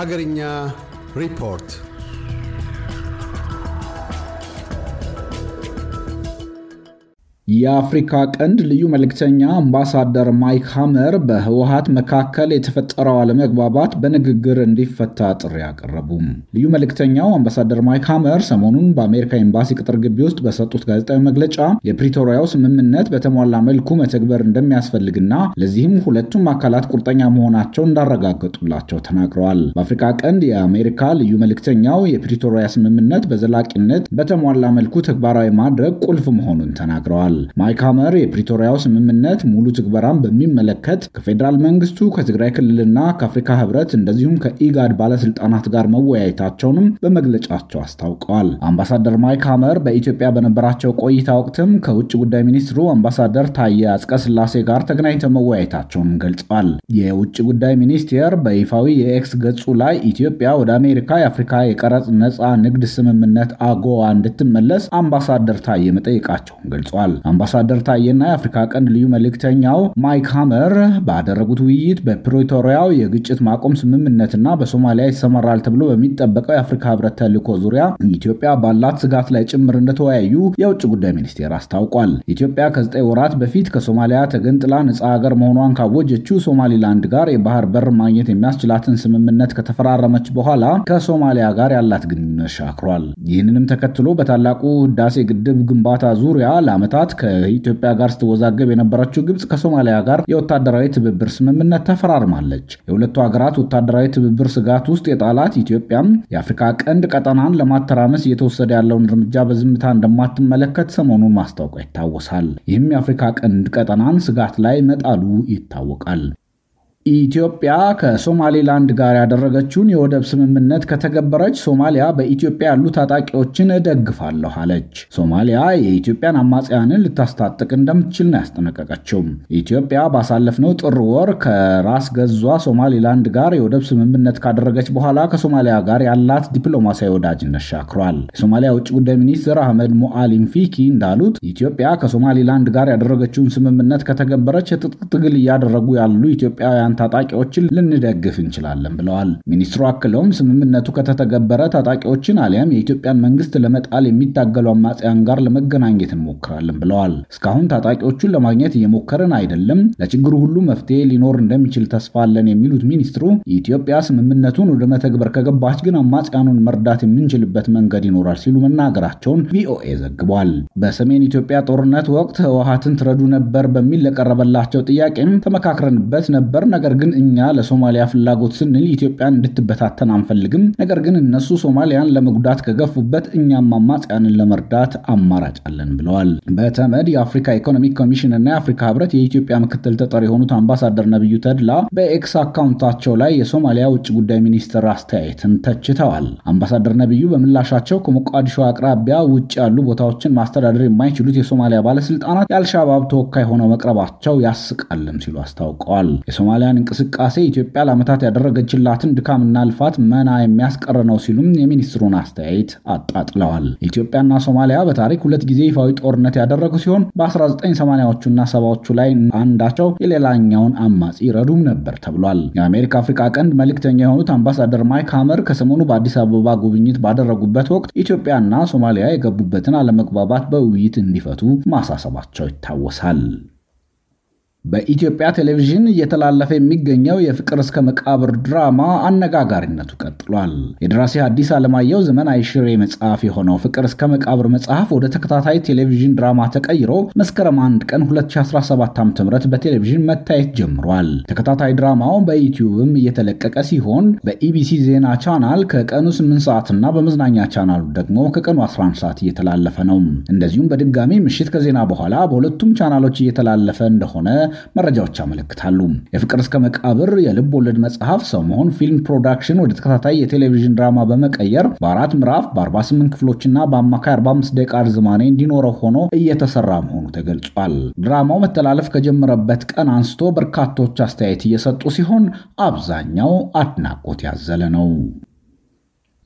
Hagerinya Report የአፍሪካ ቀንድ ልዩ መልእክተኛ አምባሳደር ማይክ ሃመር በህወሀት መካከል የተፈጠረው አለመግባባት በንግግር እንዲፈታ ጥሪ አቀረቡ። ልዩ መልእክተኛው አምባሳደር ማይክ ሃመር ሰሞኑን በአሜሪካ ኤምባሲ ቅጥር ግቢ ውስጥ በሰጡት ጋዜጣዊ መግለጫ የፕሪቶሪያው ስምምነት በተሟላ መልኩ መተግበር እንደሚያስፈልግና ለዚህም ሁለቱም አካላት ቁርጠኛ መሆናቸው እንዳረጋገጡላቸው ተናግረዋል። በአፍሪካ ቀንድ የአሜሪካ ልዩ መልእክተኛው የፕሪቶሪያ ስምምነት በዘላቂነት በተሟላ መልኩ ተግባራዊ ማድረግ ቁልፍ መሆኑን ተናግረዋል። ማይክ ሐመር የፕሪቶሪያው ስምምነት ሙሉ ትግበራን በሚመለከት ከፌዴራል መንግስቱ ከትግራይ ክልልና ከአፍሪካ ህብረት እንደዚሁም ከኢጋድ ባለስልጣናት ጋር መወያየታቸውንም በመግለጫቸው አስታውቀዋል። አምባሳደር ማይክ ሐመር በኢትዮጵያ በነበራቸው ቆይታ ወቅትም ከውጭ ጉዳይ ሚኒስትሩ አምባሳደር ታየ አጽቀ ስላሴ ጋር ተገናኝተው መወያየታቸውን ገልጸዋል። የውጭ ጉዳይ ሚኒስቴር በይፋዊ የኤክስ ገጹ ላይ ኢትዮጵያ ወደ አሜሪካ የአፍሪካ የቀረጽ ነፃ ንግድ ስምምነት አጎዋ እንድትመለስ አምባሳደር ታየ መጠየቃቸውን ገልጿል። አምባሳደር ታዬና የአፍሪካ ቀንድ ልዩ መልእክተኛው ማይክ ሃመር ባደረጉት ውይይት በፕሪቶሪያው የግጭት ማቆም ስምምነትና በሶማሊያ ይሰማራል ተብሎ በሚጠበቀው የአፍሪካ ህብረት ተልዕኮ ዙሪያ ኢትዮጵያ ባላት ስጋት ላይ ጭምር እንደተወያዩ የውጭ ጉዳይ ሚኒስቴር አስታውቋል። ኢትዮጵያ ከዘጠኝ ወራት በፊት ከሶማሊያ ተገንጥላ ነፃ ሀገር መሆኗን ካወጀችው ሶማሊላንድ ጋር የባህር በር ማግኘት የሚያስችላትን ስምምነት ከተፈራረመች በኋላ ከሶማሊያ ጋር ያላት ግንኙነት ሻክሯል። ይህንንም ተከትሎ በታላቁ ህዳሴ ግድብ ግንባታ ዙሪያ ለዓመታት ከኢትዮጵያ ጋር ስትወዛገብ የነበረችው ግብፅ ከሶማሊያ ጋር የወታደራዊ ትብብር ስምምነት ተፈራርማለች። የሁለቱ ሀገራት ወታደራዊ ትብብር ስጋት ውስጥ የጣላት ኢትዮጵያም የአፍሪካ ቀንድ ቀጠናን ለማተራመስ እየተወሰደ ያለውን እርምጃ በዝምታ እንደማትመለከት ሰሞኑን ማስታወቋ ይታወሳል። ይህም የአፍሪካ ቀንድ ቀጠናን ስጋት ላይ መጣሉ ይታወቃል። ኢትዮጵያ ከሶማሌላንድ ጋር ያደረገችውን የወደብ ስምምነት ከተገበረች ሶማሊያ በኢትዮጵያ ያሉ ታጣቂዎችን እደግፋለሁ አለች። ሶማሊያ የኢትዮጵያን አማጽያንን ልታስታጥቅ እንደምትችል ነው ያስጠነቀቀችው። ኢትዮጵያ ባሳለፍነው ጥር ወር ከራስ ገዟ ሶማሌላንድ ጋር የወደብ ስምምነት ካደረገች በኋላ ከሶማሊያ ጋር ያላት ዲፕሎማሲያዊ ወዳጅነት ሻክሯል። የሶማሊያ ውጭ ጉዳይ ሚኒስትር አህመድ ሞአሊም ፊኪ እንዳሉት ኢትዮጵያ ከሶማሌላንድ ጋር ያደረገችውን ስምምነት ከተገበረች የትጥቅ ትግል እያደረጉ ያሉ ኢትዮጵያውያን የሱዳን ታጣቂዎችን ልንደግፍ እንችላለን ብለዋል። ሚኒስትሩ አክለውም ስምምነቱ ከተተገበረ ታጣቂዎችን አሊያም የኢትዮጵያን መንግስት ለመጣል የሚታገሉ አማጽያን ጋር ለመገናኘት እንሞክራለን ብለዋል። እስካሁን ታጣቂዎቹን ለማግኘት እየሞከርን አይደለም፣ ለችግሩ ሁሉ መፍትሄ ሊኖር እንደሚችል ተስፋ አለን የሚሉት ሚኒስትሩ የኢትዮጵያ ስምምነቱን ወደ መተግበር ከገባች ግን አማጽያኑን መርዳት የምንችልበት መንገድ ይኖራል ሲሉ መናገራቸውን ቪኦኤ ዘግቧል። በሰሜን ኢትዮጵያ ጦርነት ወቅት ህወሀትን ትረዱ ነበር በሚል ለቀረበላቸው ጥያቄም ተመካክረንበት ነበር ነገር ግን እኛ ለሶማሊያ ፍላጎት ስንል ኢትዮጵያን እንድትበታተን አንፈልግም። ነገር ግን እነሱ ሶማሊያን ለመጉዳት ከገፉበት እኛም አማጽያንን ለመርዳት አማራጭ አለን ብለዋል። በተመድ የአፍሪካ ኢኮኖሚክ ኮሚሽን እና የአፍሪካ ህብረት የኢትዮጵያ ምክትል ተጠሪ የሆኑት አምባሳደር ነቢዩ ተድላ በኤክስ አካውንታቸው ላይ የሶማሊያ ውጭ ጉዳይ ሚኒስትር አስተያየትን ተችተዋል። አምባሳደር ነቢዩ በምላሻቸው ከሞቃዲሾ አቅራቢያ ውጭ ያሉ ቦታዎችን ማስተዳደር የማይችሉት የሶማሊያ ባለስልጣናት የአልሻባብ ተወካይ ሆነው መቅረባቸው ያስቃልም ሲሉ አስታውቀዋል። የሶማሊያ የኢትዮጵያውያን እንቅስቃሴ ኢትዮጵያ ለዓመታት ያደረገችላትን ድካምና ልፋት መና የሚያስቀር ነው ሲሉም የሚኒስትሩን አስተያየት አጣጥለዋል። ኢትዮጵያና ሶማሊያ በታሪክ ሁለት ጊዜ ይፋዊ ጦርነት ያደረጉ ሲሆን በ1980ዎቹና ሰባዎቹ ላይ አንዳቸው የሌላኛውን አማጺ ይረዱም ነበር ተብሏል። የአሜሪካ አፍሪካ ቀንድ መልእክተኛ የሆኑት አምባሳደር ማይክ ሀመር ከሰሞኑ በአዲስ አበባ ጉብኝት ባደረጉበት ወቅት ኢትዮጵያና ሶማሊያ የገቡበትን አለመግባባት በውይይት እንዲፈቱ ማሳሰባቸው ይታወሳል። በኢትዮጵያ ቴሌቪዥን እየተላለፈ የሚገኘው የፍቅር እስከ መቃብር ድራማ አነጋጋሪነቱ ቀጥሏል። የደራሲ ሐዲስ ዓለማየሁ ዘመን አይሽሬ መጽሐፍ የሆነው ፍቅር እስከ መቃብር መጽሐፍ ወደ ተከታታይ ቴሌቪዥን ድራማ ተቀይሮ መስከረም 1 ቀን 2017 ዓ.ም በቴሌቪዥን መታየት ጀምሯል። ተከታታይ ድራማው በዩቲዩብም እየተለቀቀ ሲሆን በኢቢሲ ዜና ቻናል ከቀኑ 8 ሰዓትና በመዝናኛ ቻናሉ ደግሞ ከቀኑ 11 ሰዓት እየተላለፈ ነው። እንደዚሁም በድጋሚ ምሽት ከዜና በኋላ በሁለቱም ቻናሎች እየተላለፈ እንደሆነ መረጃዎች ያመለክታሉ። የፍቅር እስከ መቃብር የልብ ወለድ መጽሐፍ ሰው መሆን ፊልም ፕሮዳክሽን ወደ ተከታታይ የቴሌቪዥን ድራማ በመቀየር በአራት ምዕራፍ በ48 ክፍሎችና በአማካይ 45 ደቂቃ ርዝማኔ እንዲኖረው ሆኖ እየተሰራ መሆኑ ተገልጿል። ድራማው መተላለፍ ከጀመረበት ቀን አንስቶ በርካቶች አስተያየት እየሰጡ ሲሆን አብዛኛው አድናቆት ያዘለ ነው።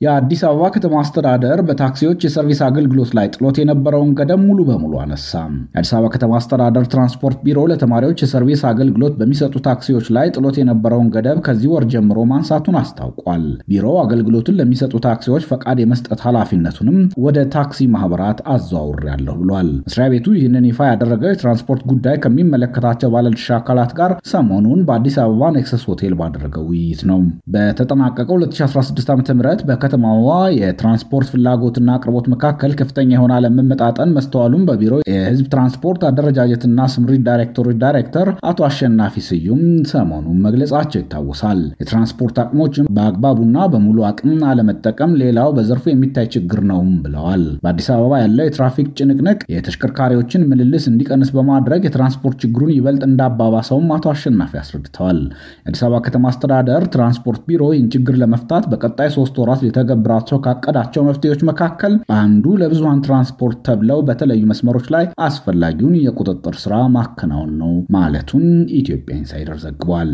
የአዲስ አበባ ከተማ አስተዳደር በታክሲዎች የሰርቪስ አገልግሎት ላይ ጥሎት የነበረውን ገደብ ሙሉ በሙሉ አነሳ። የአዲስ አበባ ከተማ አስተዳደር ትራንስፖርት ቢሮ ለተማሪዎች የሰርቪስ አገልግሎት በሚሰጡ ታክሲዎች ላይ ጥሎት የነበረውን ገደብ ከዚህ ወር ጀምሮ ማንሳቱን አስታውቋል። ቢሮው አገልግሎቱን ለሚሰጡ ታክሲዎች ፈቃድ የመስጠት ኃላፊነቱንም ወደ ታክሲ ማህበራት አዘዋውሬያለሁ ብሏል። መስሪያ ቤቱ ይህንን ይፋ ያደረገው የትራንስፖርት ጉዳይ ከሚመለከታቸው ባለድርሻ አካላት ጋር ሰሞኑን በአዲስ አበባ ኔክሰስ ሆቴል ባደረገው ውይይት ነው። በተጠናቀቀው 2016 ዓ ም ከተማዋ የትራንስፖርት ፍላጎትና አቅርቦት መካከል ከፍተኛ የሆነ አለመመጣጠን መስተዋሉን በቢሮ የህዝብ ትራንስፖርት አደረጃጀትና ስምሪት ዳይሬክቶሬት ዳይሬክተር አቶ አሸናፊ ስዩም ሰሞኑን መግለጻቸው ይታወሳል። የትራንስፖርት አቅሞችን በአግባቡና በሙሉ አቅም አለመጠቀም ሌላው በዘርፉ የሚታይ ችግር ነውም ብለዋል። በአዲስ አበባ ያለው የትራፊክ ጭንቅንቅ የተሽከርካሪዎችን ምልልስ እንዲቀንስ በማድረግ የትራንስፖርት ችግሩን ይበልጥ እንዳባባሰውም አቶ አሸናፊ አስረድተዋል። የአዲስ አበባ ከተማ አስተዳደር ትራንስፖርት ቢሮ ይህን ችግር ለመፍታት በቀጣይ ሶስት ወራት ልተገብራቸው ካቀዳቸው መፍትሄዎች መካከል አንዱ ለብዙሃን ትራንስፖርት ተብለው በተለዩ መስመሮች ላይ አስፈላጊውን የቁጥጥር ስራ ማከናወን ነው ማለቱን ኢትዮጵያ ኢንሳይደር ዘግቧል።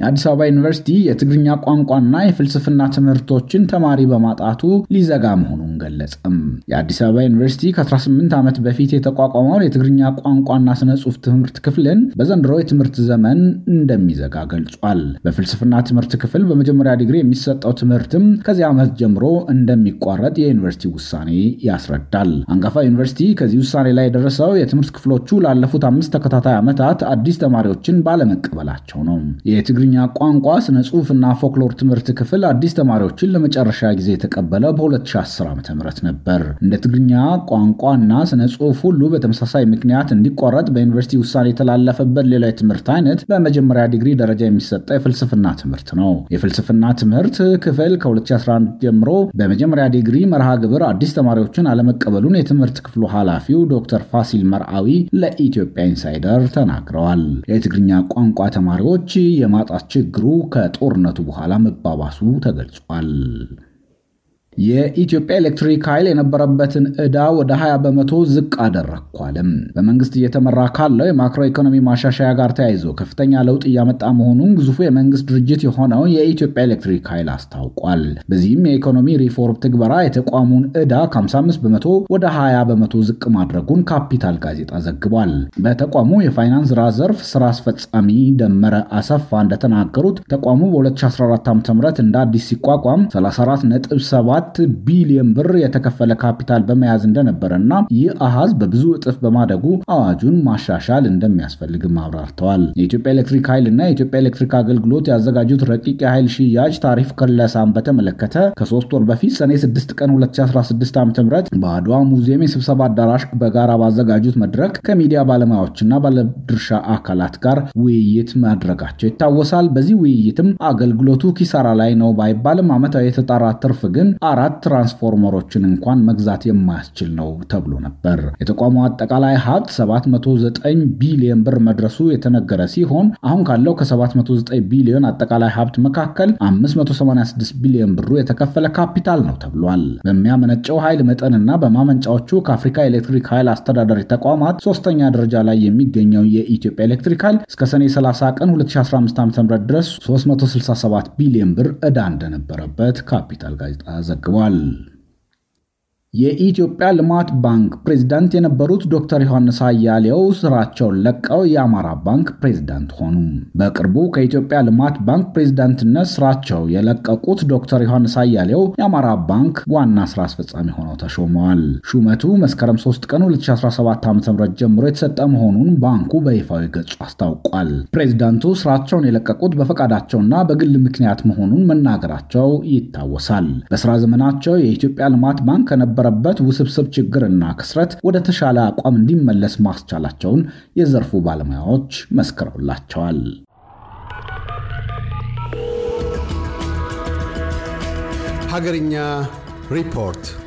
የአዲስ አበባ ዩኒቨርሲቲ የትግርኛ ቋንቋና የፍልስፍና ትምህርቶችን ተማሪ በማጣቱ ሊዘጋ መሆኑን ገለጸም። የአዲስ አበባ ዩኒቨርሲቲ ከ18 ዓመት በፊት የተቋቋመውን የትግርኛ ቋንቋና ስነ ጽሁፍ ትምህርት ክፍልን በዘንድሮ የትምህርት ዘመን እንደሚዘጋ ገልጿል። በፍልስፍና ትምህርት ክፍል በመጀመሪያ ዲግሪ የሚሰጠው ትምህርትም ከዚህ ዓመት ጀምሮ እንደሚቋረጥ የዩኒቨርሲቲ ውሳኔ ያስረዳል። አንጋፋ ዩኒቨርሲቲ ከዚህ ውሳኔ ላይ የደረሰው የትምህርት ክፍሎቹ ላለፉት አምስት ተከታታይ ዓመታት አዲስ ተማሪዎችን ባለመቀበላቸው ነው። የእንግሊዝኛ ቋንቋ ስነ ጽሁፍና ፎክሎር ትምህርት ክፍል አዲስ ተማሪዎችን ለመጨረሻ ጊዜ የተቀበለ በ2010 ዓ ም ነበር። እንደ ትግርኛ ቋንቋና ስነ ጽሁፍ ሁሉ በተመሳሳይ ምክንያት እንዲቋረጥ በዩኒቨርሲቲ ውሳኔ የተላለፈበት ሌላ የትምህርት አይነት በመጀመሪያ ዲግሪ ደረጃ የሚሰጠው የፍልስፍና ትምህርት ነው። የፍልስፍና ትምህርት ክፍል ከ2011 ጀምሮ በመጀመሪያ ዲግሪ መርሃ ግብር አዲስ ተማሪዎችን አለመቀበሉን የትምህርት ክፍሉ ኃላፊው ዶክተር ፋሲል መርአዊ ለኢትዮጵያ ኢንሳይደር ተናግረዋል። የትግርኛ ቋንቋ ተማሪዎች የማጣ ችግሩ ከጦርነቱ በኋላ መባባሱ ተገልጿል። የኢትዮጵያ ኤሌክትሪክ ኃይል የነበረበትን ዕዳ ወደ 20 በመቶ ዝቅ አደረኳልም። በመንግስት እየተመራ ካለው የማክሮ ኢኮኖሚ ማሻሻያ ጋር ተያይዞ ከፍተኛ ለውጥ እያመጣ መሆኑን ግዙፉ የመንግስት ድርጅት የሆነው የኢትዮጵያ ኤሌክትሪክ ኃይል አስታውቋል። በዚህም የኢኮኖሚ ሪፎርም ትግበራ የተቋሙን ዕዳ ከ55 በመቶ ወደ 20 በመቶ ዝቅ ማድረጉን ካፒታል ጋዜጣ ዘግቧል። በተቋሙ የፋይናንስ ዘርፍ ስራ አስፈጻሚ ደመረ አሰፋ እንደተናገሩት ተቋሙ በ2014 ዓ ም እንደ አዲስ ሲቋቋም 34.7 አራት ቢሊዮን ብር የተከፈለ ካፒታል በመያዝ እንደነበረና ይህ አሃዝ በብዙ እጥፍ በማደጉ አዋጁን ማሻሻል እንደሚያስፈልግም አብራርተዋል። የኢትዮጵያ ኤሌክትሪክ ኃይል እና የኢትዮጵያ ኤሌክትሪክ አገልግሎት ያዘጋጁት ረቂቅ የኃይል ሽያጭ ታሪፍ ክለሳን በተመለከተ ከሶስት ወር በፊት ሰኔ 6 ቀን 2016 ዓ ም በአድዋ ሙዚየም የስብሰባ አዳራሽ በጋራ ባዘጋጁት መድረክ ከሚዲያ ባለሙያዎችና ባለድርሻ አካላት ጋር ውይይት ማድረጋቸው ይታወሳል። በዚህ ውይይትም አገልግሎቱ ኪሳራ ላይ ነው ባይባልም ዓመታዊ የተጣራ ትርፍ ግን አራት ትራንስፎርመሮችን እንኳን መግዛት የማያስችል ነው ተብሎ ነበር። የተቋሙ አጠቃላይ ሀብት 709 ቢሊዮን ብር መድረሱ የተነገረ ሲሆን አሁን ካለው ከ709 ቢሊዮን አጠቃላይ ሀብት መካከል 586 ቢሊዮን ብሩ የተከፈለ ካፒታል ነው ተብሏል። በሚያመነጨው ኃይል መጠንና በማመንጫዎቹ ከአፍሪካ ኤሌክትሪክ ኃይል አስተዳዳሪ ተቋማት ሶስተኛ ደረጃ ላይ የሚገኘው የኢትዮጵያ ኤሌክትሪክ ኃይል እስከ ሰኔ 30 ቀን 2015 ዓ.ም ድረስ 367 ቢሊዮን ብር ዕዳ እንደነበረበት ካፒታል ጋዜጣ ዘግ ተዘግቧል። የኢትዮጵያ ልማት ባንክ ፕሬዝዳንት የነበሩት ዶክተር ዮሐንስ አያሌው ስራቸውን ለቀው የአማራ ባንክ ፕሬዝዳንት ሆኑ። በቅርቡ ከኢትዮጵያ ልማት ባንክ ፕሬዝዳንትነት ስራቸው የለቀቁት ዶክተር ዮሐንስ አያሌው የአማራ ባንክ ዋና ስራ አስፈጻሚ ሆነው ተሾመዋል። ሹመቱ መስከረም 3 ቀን 2017 ዓ.ም ጀምሮ የተሰጠ መሆኑን ባንኩ በይፋዊ ገጹ አስታውቋል። ፕሬዝዳንቱ ስራቸውን የለቀቁት በፈቃዳቸውና በግል ምክንያት መሆኑን መናገራቸው ይታወሳል። በስራ ዘመናቸው የኢትዮጵያ ልማት ባንክ ከነበ ከነበረበት ውስብስብ ችግርና ክስረት ወደ ተሻለ አቋም እንዲመለስ ማስቻላቸውን የዘርፉ ባለሙያዎች መስክረውላቸዋል። ሀገርኛ ሪፖርት